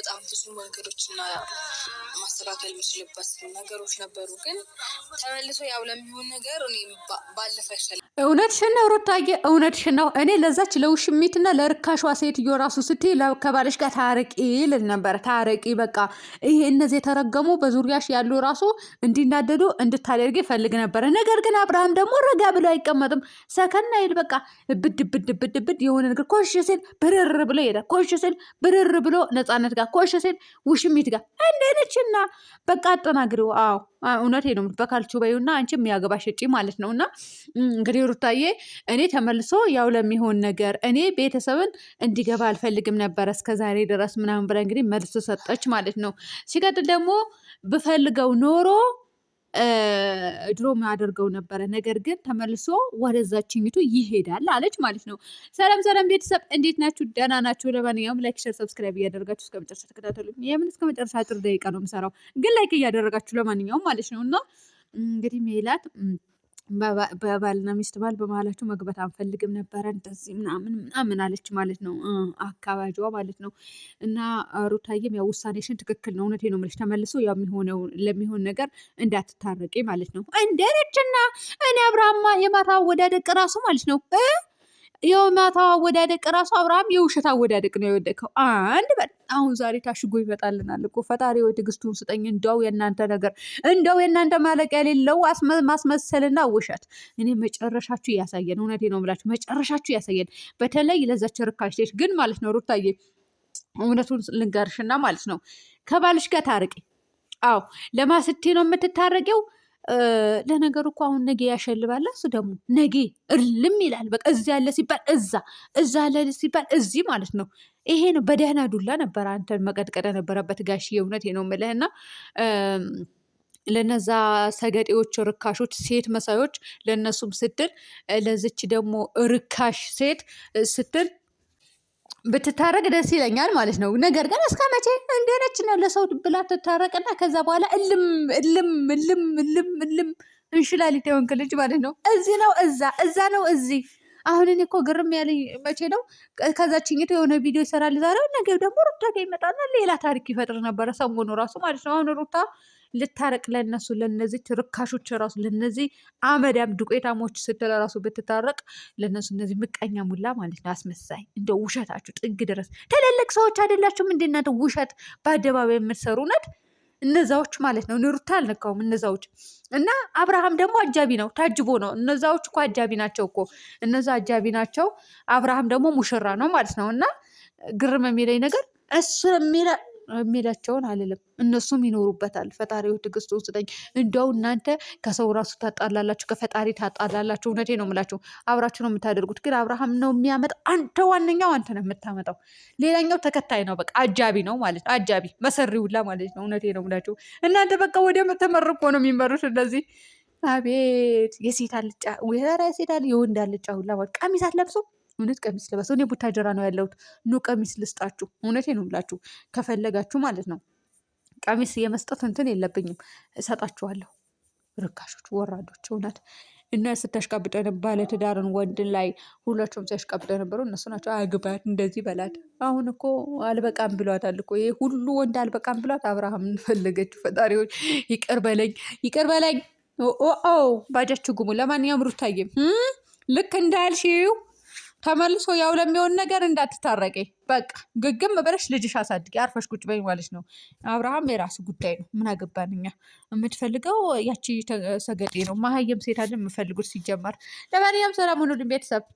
በጣም ብዙ መንገዶችና ማስተካከል የምችልበት ነገሮች ነበሩ። ግን ተመልሶ ያው ለሚሆን ነገር እኔ ባለፈ ይሻላል እውነትሽን ነው ሩታዬ፣ እውነትሽን ነው። እኔ ለዛች ለውሽሚትና ለርካሿ ሴትዮ ራሱ ስትይ ከባልሽ ጋር ታረቂ ልል ነበር። ታረቂ በቃ ይሄ እነዚህ የተረገሙ በዙሪያሽ ያሉ ራሱ እንዲናደዱ እንድታደርግ ይፈልግ ነበረ። ነገር ግን አብርሃም ደግሞ ረጋ ብሎ አይቀመጥም። ሰከና ይል በቃ ብድ ብድ ብድ ብድ የሆነ ነገር ኮሽ ሲል ብርር ብሎ ይሄዳል። ኮሽ ሲል ብርር ብሎ ነፃነት ጋር፣ ኮሽ ሲል ውሽሚት ጋር እንደነችና በቃ አጠናግሪው። አዎ እውነቴ ነው። በካልቹ በዩና አንቺ የሚያገባ ሸጪ ማለት ነው። እና እንግዲህ ሩታዬ እኔ ተመልሶ ያው ለሚሆን ነገር እኔ ቤተሰብን እንዲገባ አልፈልግም ነበረ እስከ ዛሬ ድረስ ምናምን ብላ እንግዲህ መልሶ ሰጠች ማለት ነው። ሲቀጥል ደግሞ ብፈልገው ኖሮ ድሮ ማደርገው ነበረ፣ ነገር ግን ተመልሶ ወደዛችኝቱ ይሄዳል አለች ማለት ነው። ሰላም ሰላም ቤተሰብ እንዴት ናችሁ? ደህና ናችሁ? ለማንኛውም ላይክ፣ ሸር፣ ሰብስክራይብ እያደረጋችሁ እስከ መጨረሻ ተከታተሉ። የምን እስከ መጨረሻ አጭር ደቂቃ ነው የምሰራው፣ ግን ላይክ እያደረጋችሁ ለማንኛውም ማለት ነው እና እንግዲህ ሜላት በባልና ሚስት ባል በመሀላቸው መግባት አንፈልግም ነበረ እንደዚህ ምናምን ምናምን አለች ማለት ነው አካባቢዋ ማለት ነው። እና ሩታዬም ያው ውሳኔሽን ትክክል ነው እውነቴ ነው የምልሽ ተመልሶ የሚሆነው ለሚሆን ነገር እንዳትታረቂ ማለት ነው። እንዴ ነችና እኔ አብርሃም የማታ ወዳደቅ ራሱ ማለት ነው። የማታ አወዳደቅ ራሱ አብርሃም የውሸት አወዳደቅ ነው የወደቀው። አንድ በል አሁን ዛሬ ታሽጎ ይመጣልናል እኮ ፈጣሪ ወይ ትዕግስቱን ስጠኝ። እንደው የእናንተ ነገር እንደው የእናንተ ማለቂያ የሌለው ማስመሰልና ውሸት። እኔ መጨረሻችሁ ያሳየን። እውነቴ ነው የምላችሁ መጨረሻችሁ ያሳየን። በተለይ ለዛች ርካሽ ግን ማለት ነው ሩታዬ፣ እውነቱን ልንገርሽና ማለት ነው ከባልሽ ጋር ታርቂ። አዎ ለማስቴ ነው የምትታረቂው ለነገሩ እኮ አሁን ነጌ ያሸልባል። እሱ ደግሞ ነጌ እልም ይላል። በቃ እዚህ ያለ ሲባል እዛ፣ እዛ ያለ ሲባል እዚህ ማለት ነው። ይሄ ነው። በደህና ዱላ ነበር አንተን መቀጥቀጥ የነበረበት ጋሽ። የእውነት ነው የምልህና ለነዛ ሰገጤዎች ርካሾች ሴት መሳዮች ለእነሱም ስትል ለዚች ደግሞ ርካሽ ሴት ስትል ብትታረቅ ደስ ይለኛል ማለት ነው። ነገር ግን እስከ መቼ እንደነች ነው ለሰው ብላ ትታረቅና ከዛ በኋላ እልም እልም እልም እልም እልም እንሽላሊት የሆንክ ልጅ ማለት ነው። እዚህ ነው እዛ፣ እዛ ነው እዚህ። አሁን እኔ እኮ ግርም ያለኝ መቼ ነው ከዛችኝቱ የሆነ ቪዲዮ ይሰራል ዛሬ፣ ነገ ደግሞ ሩታ ይመጣና ሌላ ታሪክ ይፈጥር ነበረ ሰሞኑ ራሱ ማለት ነው። አሁን ሩታ ልታረቅ ለነሱ ለነዚህ ርካሾች ራሱ ለነዚህ አመዳም ዱቄታሞች ስትል ራሱ ብትታረቅ ለነሱ እነዚህ ምቀኛ ሙላ ማለት ነው። አስመሳይ እንደ ውሸታችሁ ጥግ ድረስ ትልልቅ ሰዎች አይደላችሁም? እንድናንተ ውሸት በአደባባይ የምትሰሩ ነት እነዛዎች ማለት ነው። ኑሩታ አልነካውም እነዛዎች እና አብርሃም ደግሞ አጃቢ ነው፣ ታጅቦ ነው። እነዛዎች እኮ አጃቢ ናቸው እኮ እነዛ አጃቢ ናቸው። አብርሃም ደግሞ ሙሽራ ነው ማለት ነው። እና ግርም የሚለኝ ነገር እሱ የሚላቸውን አልልም። እነሱም ይኖሩበታል። ፈጣሪው ሆይ ውስጠኝ። ስጠኝ። እንደው እናንተ ከሰው ራሱ ታጣላላችሁ፣ ከፈጣሪ ታጣላላችሁ። እውነቴ ነው የምላችሁ። አብራችሁ ነው የምታደርጉት። ግን አብርሃም ነው የሚያመጣ አንተ ዋነኛው አንተ ነው የምታመጣው። ሌላኛው ተከታይ ነው፣ በቃ አጃቢ ነው ማለት ነው። አጃቢ መሰሪውላ ማለት ነው። እውነቴ ነው የምላችሁ። እናንተ በቃ ወደ ተመርቆ ነው የሚመሩት እነዚህ። አቤት የሴት አልጫ የሴት የወንድ አልጫ ሁላ ቀሚስ አትለብሱም። እውነት ቀሚስ ልበሱ። እኔ ቡታጀራ ነው ያለሁት። ኑ ቀሚስ ልስጣችሁ። እውነቴ ነው ብላችሁ ከፈለጋችሁ ማለት ነው። ቀሚስ የመስጠት እንትን የለብኝም፣ እሰጣችኋለሁ። ርካሾች፣ ወራዶች እውነት እና ስታሽቃብጠ ባለትዳርን ወንድ ላይ ሁላቸውም ሲያሽቃብጠ ነበሩ። እነሱ ናቸው አግባት፣ እንደዚህ በላት። አሁን እኮ አልበቃም ብሏታል እኮ ይሄ ሁሉ ወንድ አልበቃም ብሏት አብርሃም እንፈለገችው። ፈጣሪዎች ይቅር በለኝ፣ ይቅር በለኝ። ባጃችሁ ጉሙ። ለማንኛውም ሩታዬ ልክ እንዳልሽው ተመልሶ ያው ለሚሆን ነገር እንዳትታረቂ በቃ ግግም ብለሽ ልጅሽ አሳድጊ፣ አርፈሽ ቁጭ በይ ማለት ነው። አብርሃም የራስ ጉዳይ ነው። ምን አገባን እኛ። የምትፈልገው ያቺ ሰገጤ ነው። መሀየም ሴት አይደል የምፈልጉት ሲጀመር። ለማንኛውም ሰላም ሁኑልኝ ቤተሰብ።